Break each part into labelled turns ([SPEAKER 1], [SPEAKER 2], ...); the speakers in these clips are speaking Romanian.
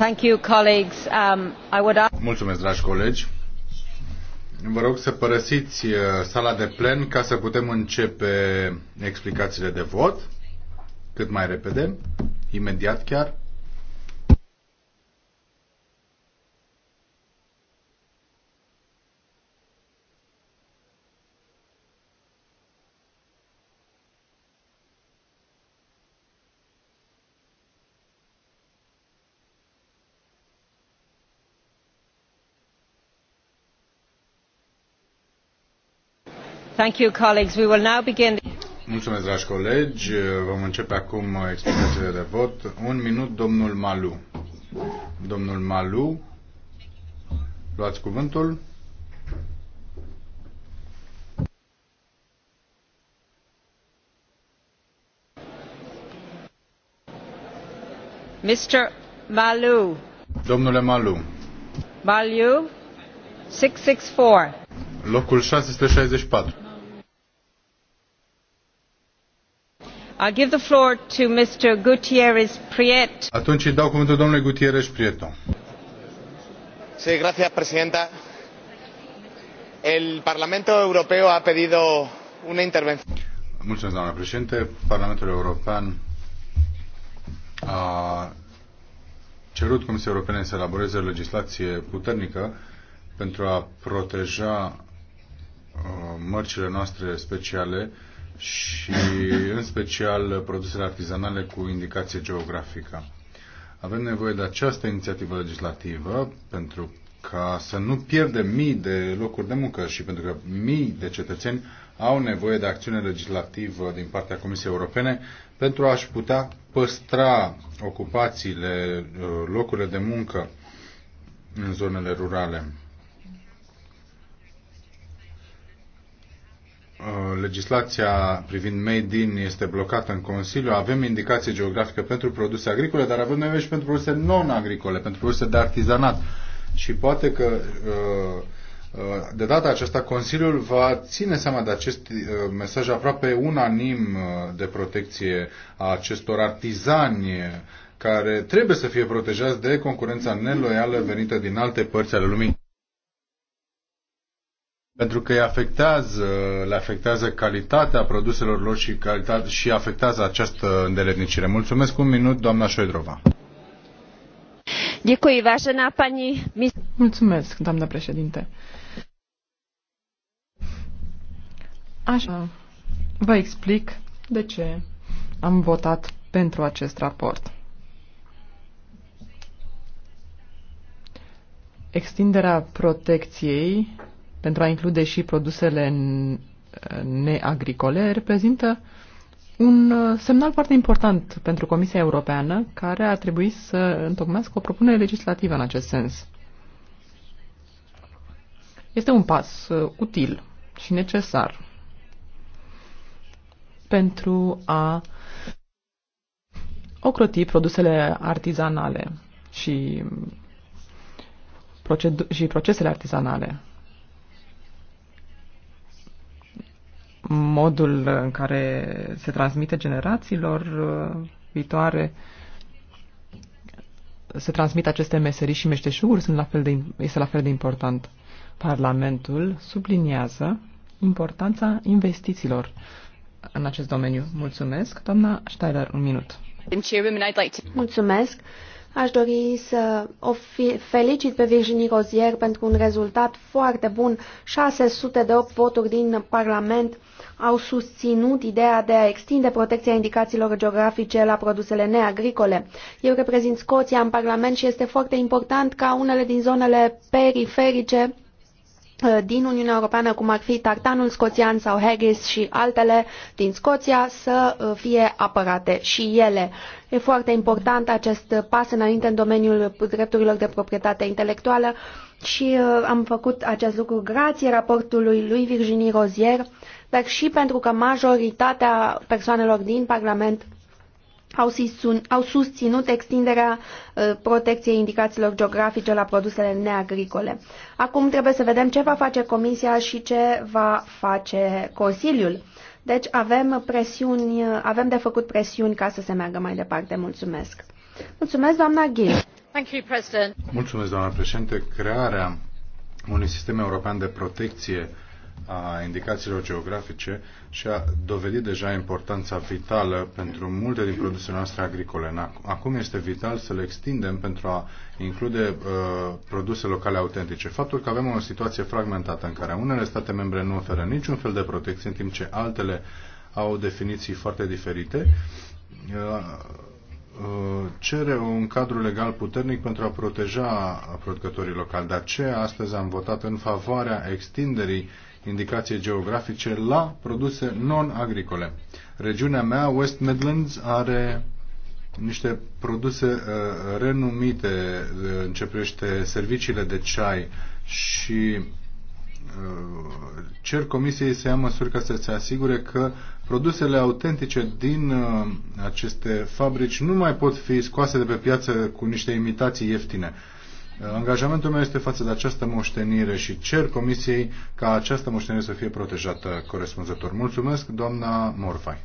[SPEAKER 1] Um,
[SPEAKER 2] Mulțumesc, dragi colegi. Vă rog să părăsiți uh, sala de plen ca să putem începe explicațiile de vot cât mai repede, imediat chiar.
[SPEAKER 1] Thank you, colleagues. We will now begin.
[SPEAKER 2] Mulțumesc, dragi colegi. Vom începe acum explicațiile de vot. Un minut, domnul Malu. Domnul Malu, luați cuvântul.
[SPEAKER 1] Mr. Malu.
[SPEAKER 2] Domnule Malu.
[SPEAKER 1] Malu, 664.
[SPEAKER 2] Locul 664.
[SPEAKER 1] I give the floor to Mr. Gutierrez
[SPEAKER 2] Atunci îi dau cuvântul domnului Gutierrez Prieto.
[SPEAKER 1] Sí, gracias, presidenta. El Parlamento Europeo ha pedido una intervención.
[SPEAKER 2] Mulțumesc, doamna președinte. Parlamentul European a cerut Comisiei Europene să elaboreze legislație puternică pentru a proteja uh, mărcile noastre speciale și în special produsele artizanale cu indicație geografică. Avem nevoie de această inițiativă legislativă pentru ca să nu pierdem mii de locuri de muncă și pentru că mii de cetățeni au nevoie de acțiune legislativă din partea Comisiei Europene pentru a-și putea păstra ocupațiile, locurile de muncă în zonele rurale. Uh, legislația privind made in este blocată în Consiliu, avem indicație geografică pentru produse agricole, dar avem nevoie și pentru produse non-agricole, pentru produse de artizanat. Și poate că uh, uh, de data aceasta Consiliul va ține seama de acest mesaj aproape unanim de protecție a acestor artizani care trebuie să fie protejați de concurența neloială venită din alte părți ale lumii pentru că îi afectează, le afectează calitatea produselor lor și, calitate, și afectează această îndeletnicire. Mulțumesc un minut, doamna Șoidrova.
[SPEAKER 1] Mulțumesc, doamna președinte. Așa,
[SPEAKER 3] vă explic de ce am votat pentru acest raport. Extinderea protecției pentru a include și produsele neagricole, reprezintă un uh, semnal foarte important pentru Comisia Europeană, care a trebuit să întocmească o propunere legislativă în acest sens. Este un pas uh, util și necesar pentru a ocroti produsele artizanale și, și procesele artizanale modul în care se transmite generațiilor uh, viitoare, se transmit aceste meserii și meșteșuguri sunt la fel de, este la fel de important. Parlamentul subliniază importanța investițiilor în acest domeniu. Mulțumesc. Doamna Steiler, un minut.
[SPEAKER 1] Mulțumesc. Aș dori să o felicit pe Virginie Rozier pentru un rezultat foarte bun. 608 voturi din Parlament au susținut ideea de a extinde protecția indicațiilor geografice la produsele neagricole. Eu reprezint Scoția în Parlament și este foarte important ca unele din zonele periferice Uh, din Uniunea Europeană, cum ar fi tartanul scoțian sau haggis și altele din Scoția, să uh, fie apărate și ele. E foarte important acest pas înainte în domeniul drepturilor de proprietate intelectuală și uh, am făcut acest lucru grație raportului lui Virginie Rozier, dar și pentru că majoritatea persoanelor din Parlament au, au susținut extinderea ă, protecției indicațiilor geografice la produsele neagricole. Acum trebuie să vedem ce va face Comisia și ce va face Consiliul. Deci avem presiuni, avem de făcut presiuni ca să se meargă mai departe. Mulțumesc. Mulțumesc, doamna Ghil. Thank you, President.
[SPEAKER 2] Mulțumesc, doamna președinte. Crearea unui sistem european de protecție a indicațiilor geografice și a dovedit deja importanța vitală pentru multe din produsele noastre agricole. Acum este vital să le extindem pentru a include uh, produse locale autentice. Faptul că avem o situație fragmentată în care unele state membre nu oferă niciun fel de protecție, în timp ce altele au definiții foarte diferite, uh, uh cere un cadru legal puternic pentru a proteja producătorii locali. De aceea, astăzi am votat în favoarea extinderii indicație geografice la produse non-agricole. Regiunea mea, West Midlands, are niște produse uh, renumite, uh, începește serviciile de ceai și uh, cer comisiei să ia măsuri ca să se asigure că produsele autentice din uh, aceste fabrici nu mai pot fi scoase de pe piață cu niște imitații ieftine. Uh, Angajamentul meu este față de această moștenire și cer Comisiei ca această moștenire să fie protejată corespunzător. Mulțumesc, doamna Morfai.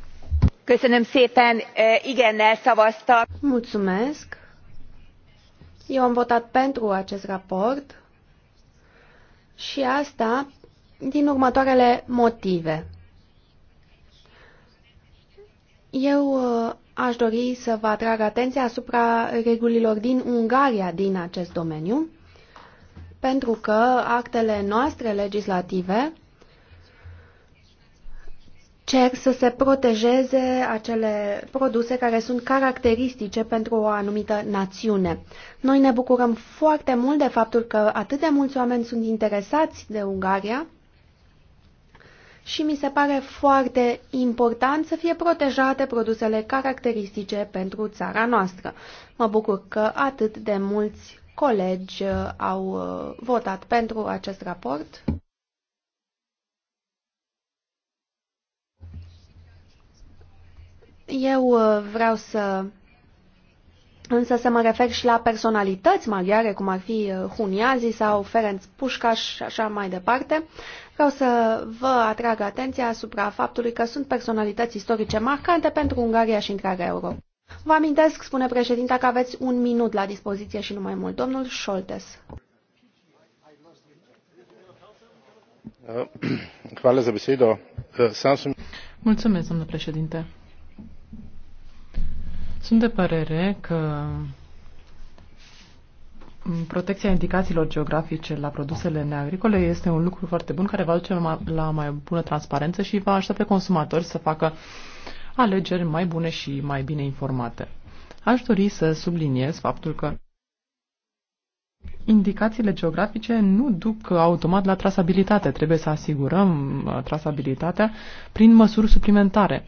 [SPEAKER 1] Köszönöm szépen, igennel szavaztam. Mulțumesc. Eu am votat pentru acest raport și asta din următoarele motive. Eu uh, aș dori să vă atrag atenția asupra regulilor din Ungaria din acest domeniu, pentru că actele noastre legislative cer să se protejeze acele produse care sunt caracteristice pentru o anumită națiune. Noi ne bucurăm foarte mult de faptul că atât de mulți oameni sunt interesați de Ungaria, și mi se pare foarte important să fie protejate produsele caracteristice pentru țara noastră. Mă bucur că atât de mulți colegi uh, au uh, votat pentru acest raport. Eu uh, vreau să însă să mă refer și la personalități maghiare, cum ar fi uh, Huniazi sau Ferenc Pușcaș și așa mai departe. Vreau să vă atrag atenția asupra faptului că sunt personalități istorice marcante pentru Ungaria și întreaga Europa. Vă amintesc, spune președinta, că aveți un minut la dispoziție și nu mai mult. Domnul Scholtes.
[SPEAKER 2] Eh,
[SPEAKER 1] Mulțumesc,
[SPEAKER 3] domnule președinte. Sunt de părere că protecția indicațiilor geografice la produsele neagricole este un lucru foarte bun care va duce la mai bună transparență și va ajuta pe consumatori să facă alegeri mai bune și mai bine informate. Aș dori să subliniez faptul că indicațiile geografice nu duc automat la trasabilitate. Trebuie să asigurăm uh, trasabilitatea prin măsuri suplimentare.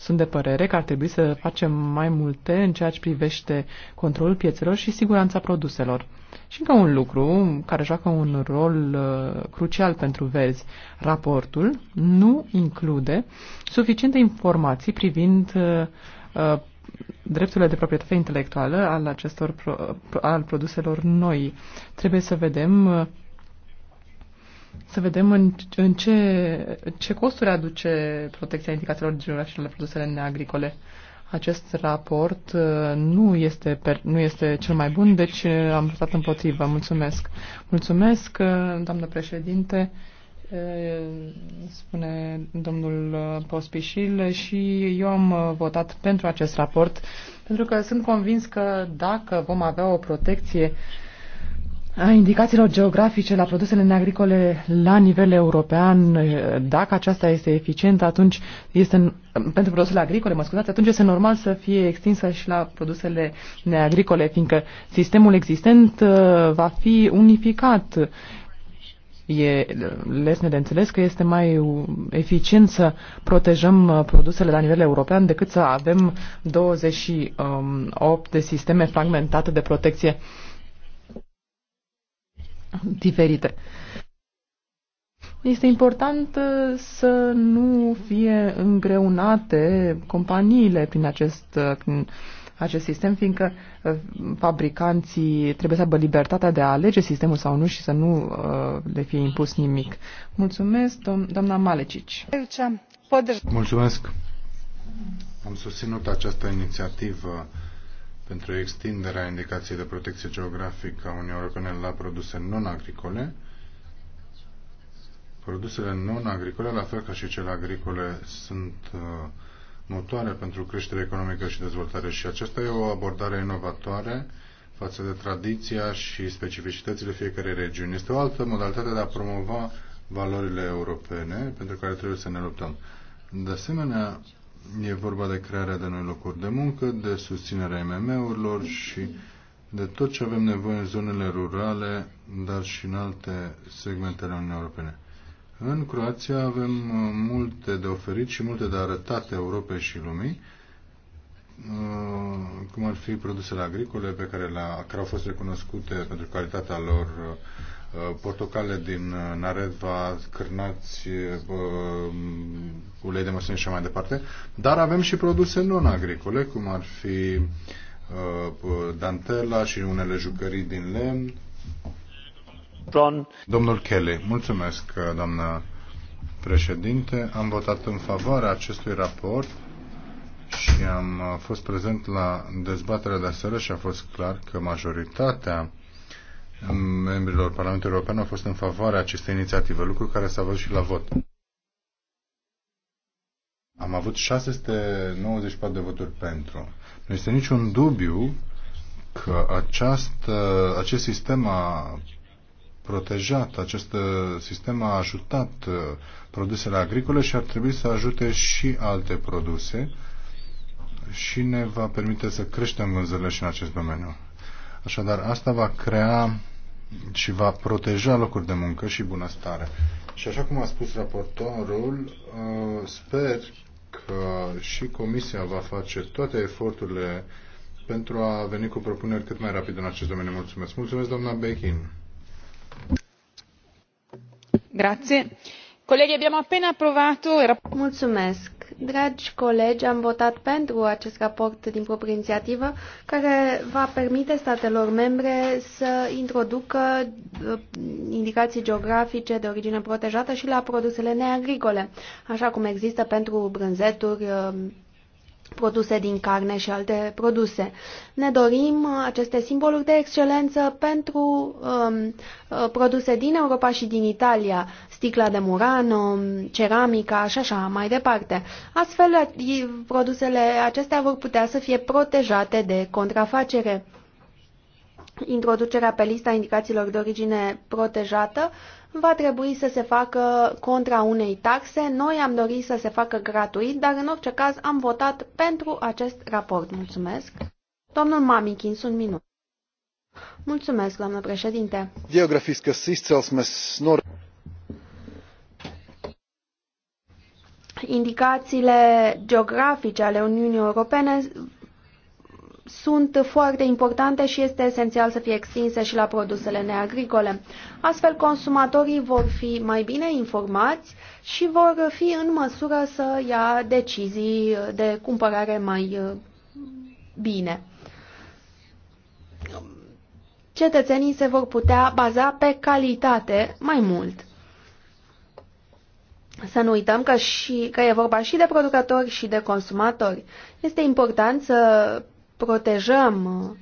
[SPEAKER 3] Sunt de părere că ar trebui să facem mai multe în ceea ce privește controlul piețelor și siguranța produselor. Și încă un lucru care joacă un rol uh, crucial pentru verzi. Raportul nu include suficiente informații privind uh, uh, drepturile de proprietate intelectuală al acestor pro, uh, al produselor noi. Trebuie să vedem uh, să vedem în, în ce, ce costuri aduce protecția indicațiilor geografice la produsele neagricole. Acest raport uh, nu este, per, nu este cel mai bun, deci uh, am votat împotrivă. Mulțumesc. Mulțumesc, uh, doamnă președinte, spune domnul Pospișil și eu am votat pentru acest raport, pentru că sunt convins că dacă vom avea o protecție a indicațiilor geografice la produsele agricole la nivel european, dacă aceasta este eficientă, atunci este pentru produsele agricole, mă scuzați, atunci este normal să fie extinsă și la produsele neagricole, fiindcă sistemul existent va fi unificat. E lesne de înțeles că este mai eficient să protejăm produsele la nivel european decât să avem 28 um, de sisteme fragmentate de protecție diferite. Este important uh, să nu fie îngreunate companiile prin acest, uh, prin acest sistem, fiindcă uh, fabricanții trebuie să aibă libertatea de a alege sistemul sau nu și să nu le fie impus nimic. Mulțumesc, dom- doamna Malecici. Mulțumesc.
[SPEAKER 2] Am susținut această inițiativă pentru extinderea indicației de protecție geografică a Uniunii Europene la produse non-agricole. Produsele non-agricole, la fel ca și cele agricole, sunt uh, motoare pentru creștere economică și dezvoltare și aceasta e o abordare inovatoare față de tradiția și specificitățile fiecarei regiuni. Este o altă modalitate de a promova valorile europene pentru care trebuie să ne luptăm. De asemenea, E vorba de crearea de noi locuri de muncă, de susținerea mm urilor și de tot ce avem nevoie în zonele rurale, dar și în alte segmentele Uniunii Europene. În Croația avem uh, multe de oferit și multe de arătat Europei și lumii, uh, cum ar fi produsele agricole pe care, la, care au fost recunoscute pentru calitatea lor uh, Uh, portocale din uh, Nareva, cârnați, uh, ulei de măsline și mai departe, dar avem și produse non-agricole, cum ar fi dantela și unele jucării din lemn. John. Domnul Kelly, mulțumesc, doamnă președinte. Am votat în favoarea acestui raport și am fost prezent la dezbaterea de aseară și a fost clar că majoritatea membrilor Parlamentului European au fost în favoarea acestei inițiative, lucru care s-a văzut și la vot. Am avut 694 de voturi pentru. Nu este niciun dubiu că acest acest sistem a protejat, acest sistem a ajutat uh, produsele agricole și ar trebui să ajute și alte produse și ne va permite să creștem vânzările și în acest domeniu. Așadar, asta va crea și va proteja locuri de muncă și bunăstare. Și așa cum a spus raportorul, uh, sper că și Comisia va face toate eforturile pentru a veni cu propuneri cât mai rapid în acest domeniu. Mulțumesc. Mulțumesc, doamna Bechin.
[SPEAKER 1] Grazie. Colleghi, abbiamo appena approvato... Mulțumesc. Dragi colegi, am votat pentru acest raport din proprie inițiativă care va permite statelor membre să introducă uh, indicații geografice de origine protejată și la produsele neagricole, așa cum există pentru brânzeturi, uh, produse din carne și alte produse. Ne dorim aceste simboluri de excelență pentru um, uh, produse din Europa și din Italia, sticla de Murano, ceramica și așa mai departe. Astfel, produsele acestea vor putea să fie protejate de contrafacere. Introducerea pe lista indicațiilor de origine protejată va trebui să se facă contra unei taxe. Noi am dorit să se facă gratuit, dar în orice caz am votat pentru acest raport. Mulțumesc. Domnul Mamichin, sunt minut. Mulțumesc, doamnă președinte.
[SPEAKER 2] Geografiscă sistelsmes nor...
[SPEAKER 1] Indicațiile geografice ale Uniunii Europene sunt foarte importante și este esențial să fie extinse și la produsele neagricole. Astfel, consumatorii vor fi mai bine informați și vor fi în măsură să ia decizii de cumpărare mai uh, bine. Cetățenii se vor putea baza pe calitate mai mult. Să nu uităm că, și, că e vorba și de producători și de consumatori. Este important să protejăm uh,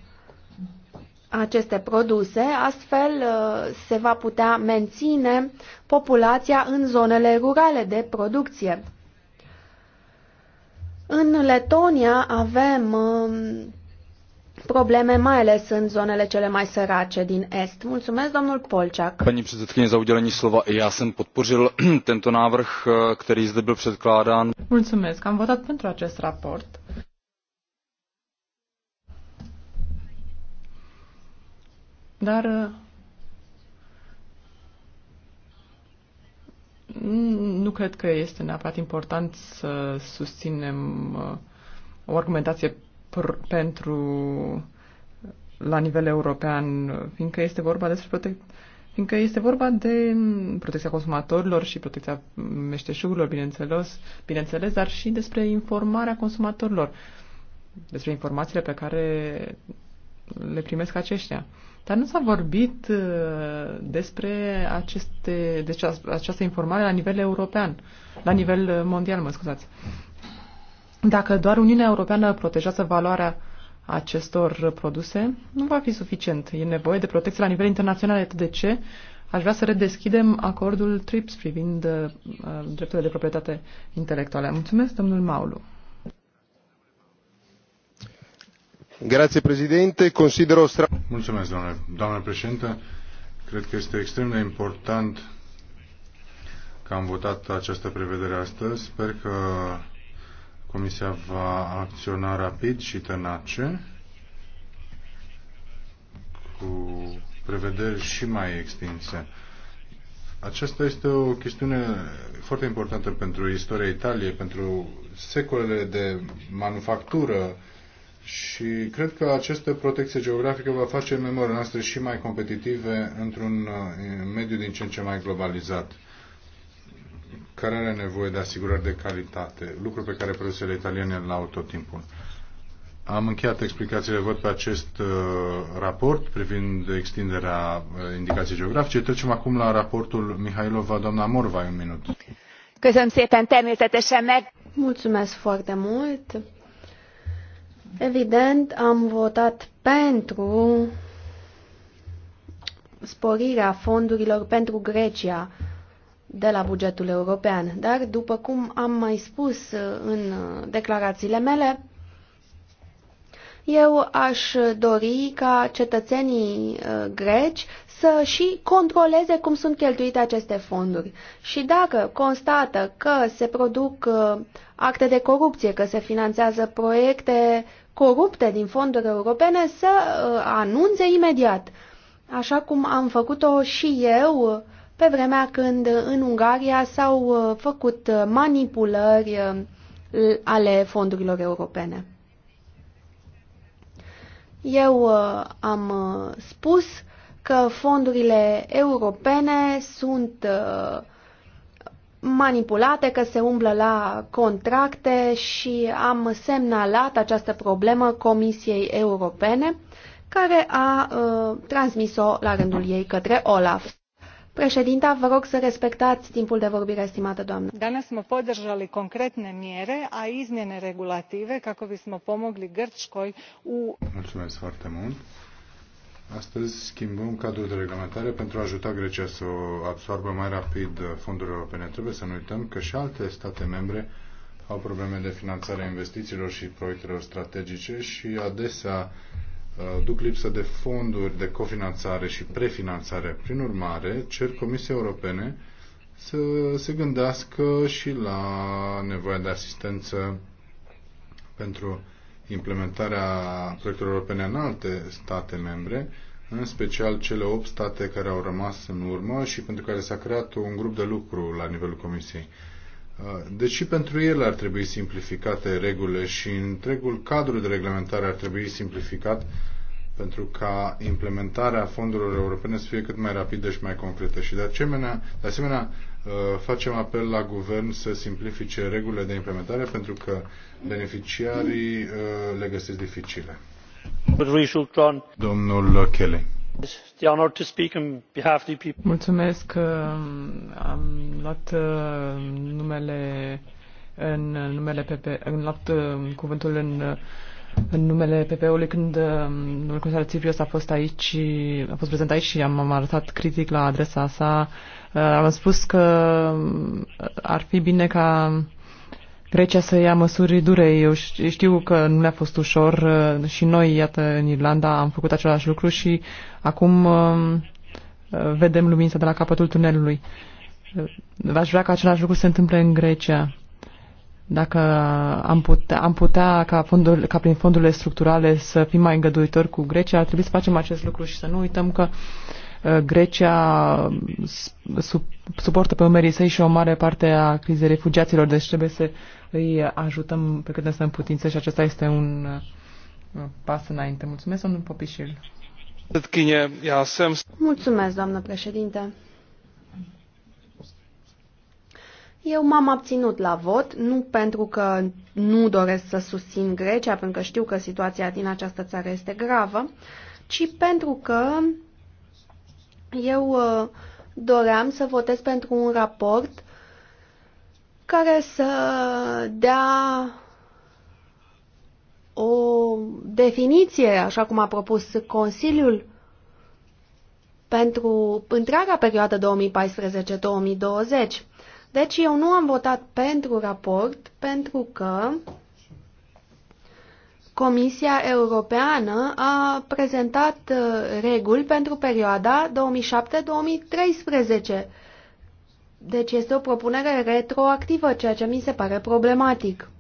[SPEAKER 1] aceste produse, astfel uh, se va putea menține populația în zonele rurale de producție. În Letonia avem uh, probleme, mai ales în zonele cele mai sărace din Est. Mulțumesc, domnul Polčák.
[SPEAKER 2] Pani předsedkyně, za udělení slova. Já jsem podpořil tento návrh, eh, který zde byl předkládán.
[SPEAKER 1] Mulțumesc,
[SPEAKER 3] am votat pentru acest raport Dar uh, nu cred că este neapărat important să susținem uh, o argumentație pentru la nivel european, fiindcă este vorba despre protec- fiindcă este vorba de mm, protecția consumatorilor și protecția meșteșugurilor, bineînțeles, bineînțeles, dar și despre informarea consumatorilor, despre informațiile pe care le primesc aceștia. Dar nu s-a vorbit uh, despre aceste, deci această informare la nivel european, la nivel uh, mondial, mă scuzați. Dacă doar Uniunea Europeană protejează valoarea acestor produse, nu va fi suficient. E nevoie de protecție la nivel internațional. De ce? Aș vrea să redeschidem acordul TRIPS privind uh, drepturile de proprietate intelectuale. Mulțumesc, domnul Maulu.
[SPEAKER 2] Mulțumesc, domnule, doamnă președinte. Cred că este extrem de important că am votat această prevedere astăzi. Sper că Comisia va acționa rapid și tenace cu prevederi și mai extinse. Aceasta este o chestiune foarte importantă pentru istoria Italiei, pentru secolele de manufactură și cred că această protecție geografică va face memoriile noastre și mai competitive într-un uh, mediu din ce în ce mai globalizat, care are nevoie de asigurări de calitate, lucru pe care produsele italiene îl au tot timpul. Am încheiat explicațiile văd pe acest uh, raport privind extinderea uh, indicației geografice. Trecem acum la raportul Mihailova, doamna Morva, un minut.
[SPEAKER 1] Mulțumesc foarte mult. Evident, am votat pentru sporirea fondurilor pentru Grecia de la bugetul european, dar, după cum am mai spus în declarațiile mele, eu aș dori ca cetățenii uh, greci să și controleze cum sunt cheltuite aceste fonduri. Și dacă constată că se produc uh, acte de corupție, că se finanțează proiecte corupte din fonduri europene, să uh, anunțe imediat, așa cum am făcut-o și eu pe vremea când în Ungaria s-au uh, făcut manipulări ale fondurilor europene. Eu am spus că fondurile europene sunt uh, manipulate, că se umblă la contracte și am semnalat această problemă Comisiei Europene, care a uh, transmis-o la rândul ei către Olaf. Președinta, vă rog să respectați timpul de vorbire, estimată doamnă. Danas smo
[SPEAKER 3] podržali konkretne mjere, a izmjene regulative, kako bismo pomogli Grčkoj u...
[SPEAKER 2] Mulțumesc foarte mult. Astăzi schimbăm cadrul de reglementare pentru a ajuta Grecia să absorbă mai rapid fondurile europene. Trebuie să nu uităm că și alte state membre au probleme de finanțare a investițiilor și proiectelor strategice și adesea uh, duc lipsă de fonduri de cofinanțare și prefinanțare. Prin urmare, cer Comisiei Europene să se gândească și la nevoia de asistență pentru implementarea proiectelor europene în alte state membre, în special cele 8 state care au rămas în urmă și pentru care s-a creat un grup de lucru la nivelul Comisiei. Uh, deci și pentru ele ar trebui simplificate regulile și întregul cadru de reglementare ar trebui simplificat pentru ca implementarea fondurilor europene să fie cât mai rapidă și mai concretă. Și de asemenea, de asemenea Uh, facem apel la guvern să simplifice regulile de implementare pentru că beneficiarii uh, le găsesc dificile.
[SPEAKER 1] Domnul Kelly.
[SPEAKER 3] Mulțumesc. Uh, am luat numele în numele PP, am luat cuvântul în în numele PP-ului când domnul comisar Țiprios a fost aici, a fost prezent aici și am arătat critic la adresa sa Uh, am spus că um, ar fi bine ca Grecia să ia măsuri dure. Eu știu că nu le-a fost ușor uh, și noi, iată, în Irlanda am făcut același lucru și acum um, uh, vedem lumința de la capătul tunelului. V-aș vrea ca același lucru să se întâmple în Grecia. Dacă am putea, am putea ca, fondul, ca prin fondurile structurale să fim mai îngăduitori cu Grecia, ar trebui să facem acest lucru și să nu uităm că uh, Uh, Grecia um, suportă pe umerii săi și o mare parte a crizei refugiaților, deci trebuie să îi ajutăm pe cât ne stăm putință și acesta este un uh, pas înainte. Mulțumesc, domnul Popișil.
[SPEAKER 1] Mulțumesc, doamnă președinte. Eu m-am abținut la vot, nu pentru că nu doresc să susțin Grecia, pentru că știu că situația din această țară este gravă, ci pentru că eu uh, doream să votez pentru un raport care să dea o definiție, așa cum a propus Consiliul, pentru întreaga perioadă 2014-2020. Deci eu nu am votat pentru raport pentru că Comisia Europeană a prezentat uh, reguli pentru perioada 2007-2013. Deci este o propunere retroactivă, ceea ce mi se pare problematic.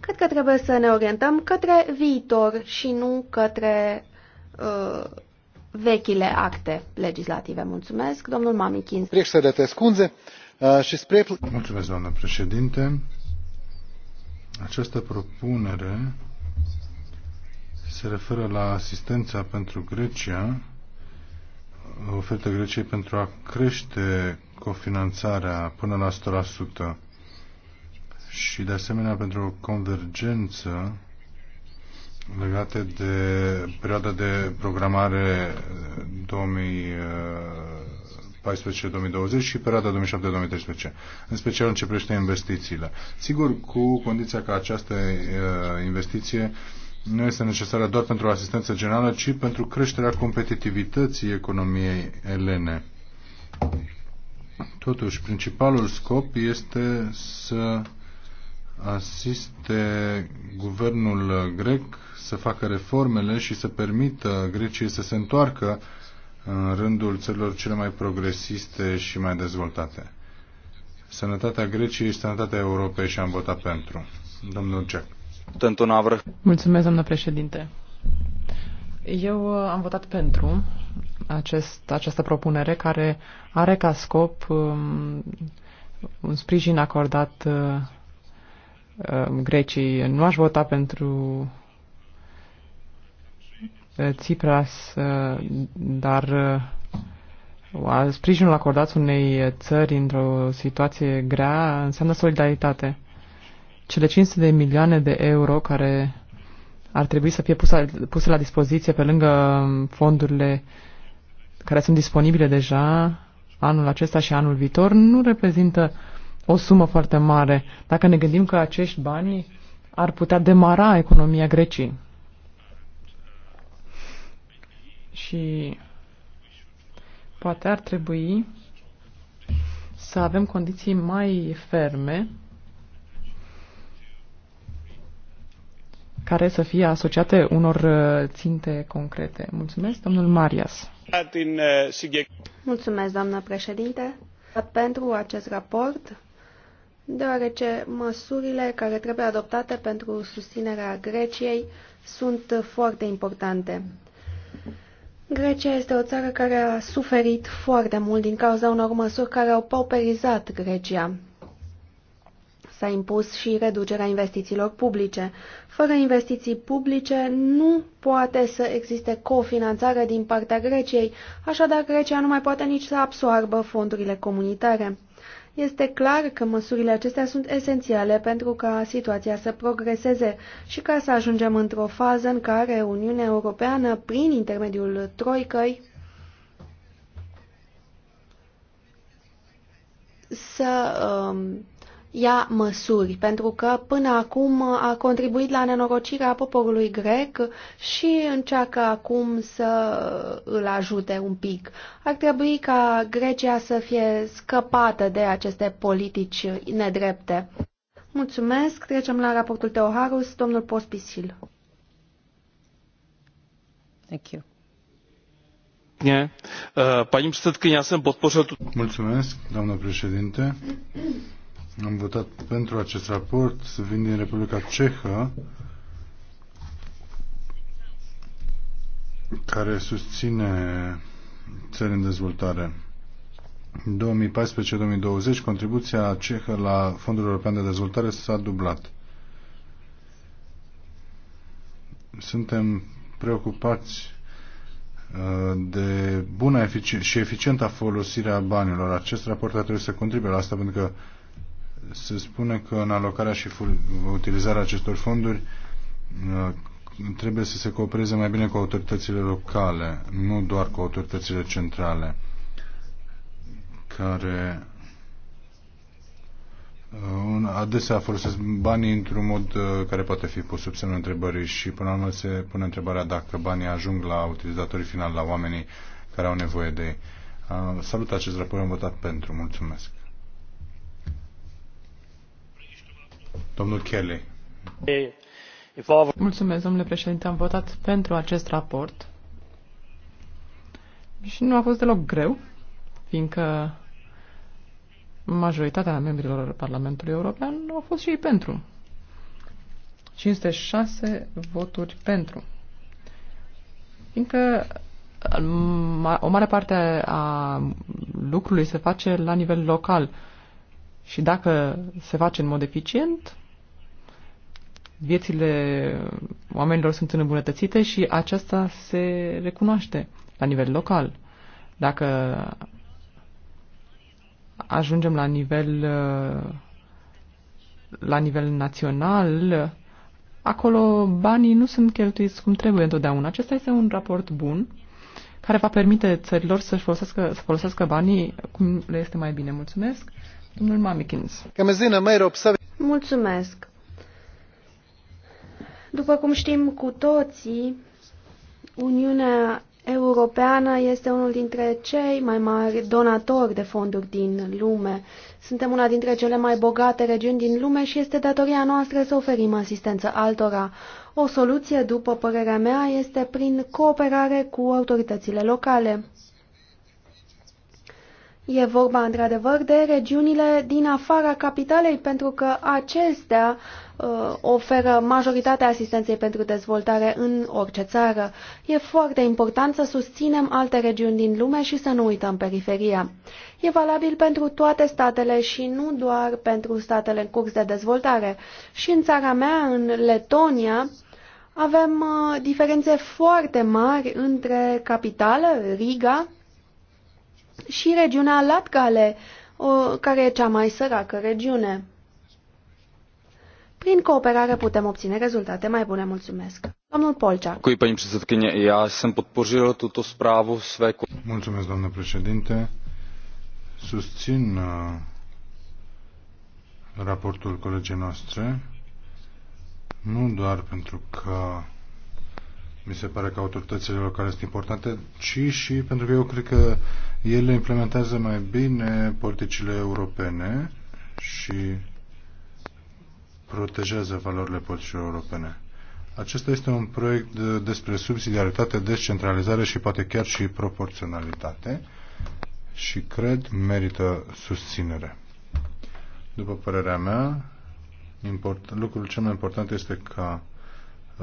[SPEAKER 1] Cred că trebuie să ne orientăm către viitor și nu către uh, vechile acte legislative. Mulțumesc, domnul Mamichin.
[SPEAKER 2] Uh, Mulțumesc, doamnă președinte această propunere se referă la asistența pentru Grecia, ofertă Greciei pentru a crește cofinanțarea până la 100% și de asemenea pentru o convergență legată de perioada de programare 2000 eh, 2014-2020 și perioada 2007-2013, în special în ce privește investițiile. Sigur, cu condiția ca această uh, investiție nu este necesară doar pentru asistență generală, ci pentru creșterea competitivității economiei elene. Totuși, principalul scop este să asiste guvernul grec să facă reformele și să permită Greciei să se întoarcă în rândul țărilor cele mai progresiste și mai dezvoltate. Sănătatea Greciei și sănătatea Europei și am votat pentru. Domnul Cec.
[SPEAKER 3] Mulțumesc, domnule președinte. Eu uh, am votat pentru acest, această propunere care are ca scop um, un sprijin acordat uh, uh Greciei. Nu aș vota pentru Eh, Tsipras, eh, dar eh, sprijinul acordat unei țări într-o situație grea înseamnă solidaritate. Cele 500 de milioane de euro care ar trebui să fie puse, puse la dispoziție pe lângă mm, fondurile care sunt disponibile deja anul acesta și anul viitor nu reprezintă o sumă foarte mare dacă ne gândim că acești bani ar putea demara economia Greciei. Și poate ar trebui să avem condiții mai ferme care să fie asociate unor uh, ținte concrete. Mulțumesc, domnul Marias.
[SPEAKER 1] Mulțumesc, doamnă președinte, pentru acest raport, deoarece măsurile care trebuie adoptate pentru susținerea Greciei sunt foarte importante. Grecia este o țară care a suferit foarte mult din cauza unor măsuri care au pauperizat Grecia. S-a impus și reducerea investițiilor publice. Fără investiții publice nu poate să existe cofinanțare din partea Greciei, așadar Grecia nu mai poate nici să absoarbă fondurile comunitare. Este clar că măsurile acestea sunt esențiale pentru ca situația să progreseze și ca să ajungem într-o fază în care Uniunea Europeană, prin intermediul troicăi, să um, ia măsuri, pentru că până acum a contribuit la nenorocirea poporului grec și încearcă acum să îl ajute un pic. Ar trebui ca Grecia să fie scăpată de aceste politici nedrepte. Mulțumesc. Trecem la raportul Teoharus, domnul Pospisil.
[SPEAKER 2] Thank you.
[SPEAKER 3] Uh, paní předsedkyně, já jsem podpořil tu...
[SPEAKER 2] Mulțumesc, doamnă președinte. Am votat pentru acest raport. Vin din Republica Cehă, care susține țări în dezvoltare. 2014-2020, contribuția cehă la Fondul European de Dezvoltare s-a dublat. Suntem preocupați uh, de bună și eficientă folosirea banilor. Acest raport ar trebui să contribuie la asta pentru că se spune că în alocarea și utilizarea acestor fonduri uh, trebuie să se coopereze mai bine cu autoritățile locale, nu doar cu autoritățile centrale, care uh, adesea folosesc banii într-un mod uh, care poate fi pus sub semnul întrebării și până la urmă se pune întrebarea dacă banii ajung la utilizatorii finali, la oamenii care au nevoie de ei. Salut acest raport, am votat pentru. Mulțumesc.
[SPEAKER 3] Mulțumesc, domnule președinte. Am votat pentru acest raport. Și nu a fost deloc greu, fiindcă majoritatea membrilor Parlamentului European au fost și ei pentru. 506 voturi pentru. Fiindcă o mare parte a lucrului se face la nivel local și dacă se face în mod eficient, viețile oamenilor sunt îmbunătățite și aceasta se recunoaște la nivel local. Dacă ajungem la nivel uh, la nivel național, acolo banii nu sunt cheltuiți cum trebuie întotdeauna. Acesta este un raport bun care va permite țărilor să-și folosească, să folosească banii cum le este mai bine. Mulțumesc, domnul Mamikins.
[SPEAKER 1] Mulțumesc. După cum știm cu toții, Uniunea Europeană este unul dintre cei mai mari donatori de fonduri din lume. Suntem una dintre cele mai bogate regiuni din lume și este datoria noastră să oferim asistență altora. O soluție, după părerea mea, este prin cooperare cu autoritățile locale. E vorba într-adevăr de regiunile din afara capitalei, pentru că acestea uh, oferă majoritatea asistenței pentru dezvoltare în orice țară. E foarte important să susținem alte regiuni din lume și să nu uităm periferia. E valabil pentru toate statele și nu doar pentru statele în curs de dezvoltare. Și în țara mea, în Letonia, avem uh, diferențe foarte mari între capitală, Riga, și regiunea Latgale, care e cea mai săracă regiune. Prin cooperare putem obține rezultate mai bune. Mulțumesc. Domnul Polcea.
[SPEAKER 2] Cui, paní předsedkyně, já jsem podpořil tuto zprávu své... Mulțumesc, domnule președinte. Susțin uh, raportul colegii noastre, nu doar pentru că mi se pare că autoritățile locale sunt importante, ci și pentru că eu cred că ele implementează mai bine politicile europene și protejează valorile politicilor europene. Acesta este un proiect despre subsidiaritate, descentralizare și poate chiar și proporționalitate și cred merită susținere. După părerea mea, import, lucrul cel mai important este ca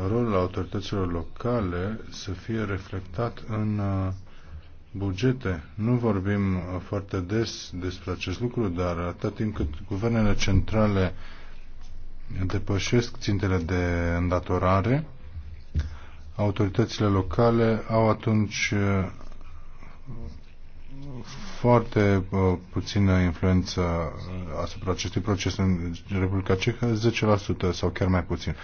[SPEAKER 2] rolul autorităților locale să fie reflectat în uh, bugete. Nu vorbim uh, foarte des despre acest lucru, dar atât timp cât guvernele centrale depășesc țintele de îndatorare, autoritățile locale au atunci uh, foarte puțină influență asupra acestui proces în Republica Cehă, 10% sau chiar mai puțin.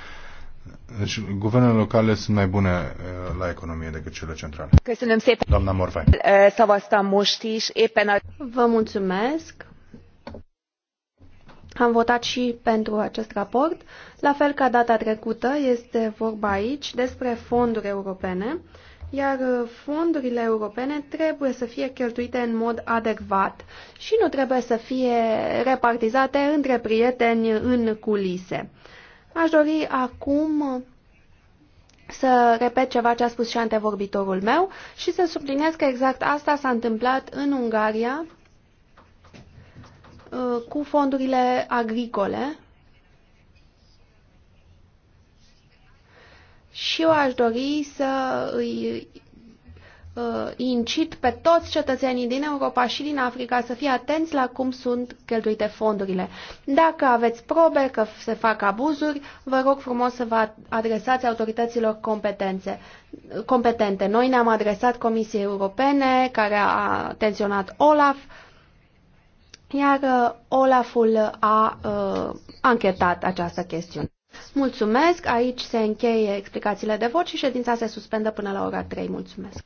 [SPEAKER 2] Deci, guvernele locale sunt mai bune uh, la economie decât cele centrale. Doamna Morvai.
[SPEAKER 1] Uh, szavaztam most is, éppen a... Vă mulțumesc. Am votat și pentru acest raport. La fel ca data trecută, este vorba aici despre fonduri europene, iar uh, fondurile europene trebuie să fie cheltuite în mod adecvat și nu trebuie să fie repartizate între prieteni în culise. Aș dori acum să repet ceva ce a spus și antevorbitorul meu și să subliniez că exact asta s-a întâmplat în Ungaria uh, cu fondurile agricole și eu aș dori să îi Uh, incit pe toți cetățenii din Europa și din Africa să fie atenți la cum sunt cheltuite fondurile. Dacă aveți probe că se fac abuzuri, vă rog frumos să vă adresați autorităților competențe, competente. Noi ne-am adresat Comisiei Europene, care a atenționat OLAF, iar olaf uh, Olaful a uh, anchetat această chestiune. Mulțumesc, aici se încheie explicațiile de vot și ședința se suspendă până la ora 3. Mulțumesc!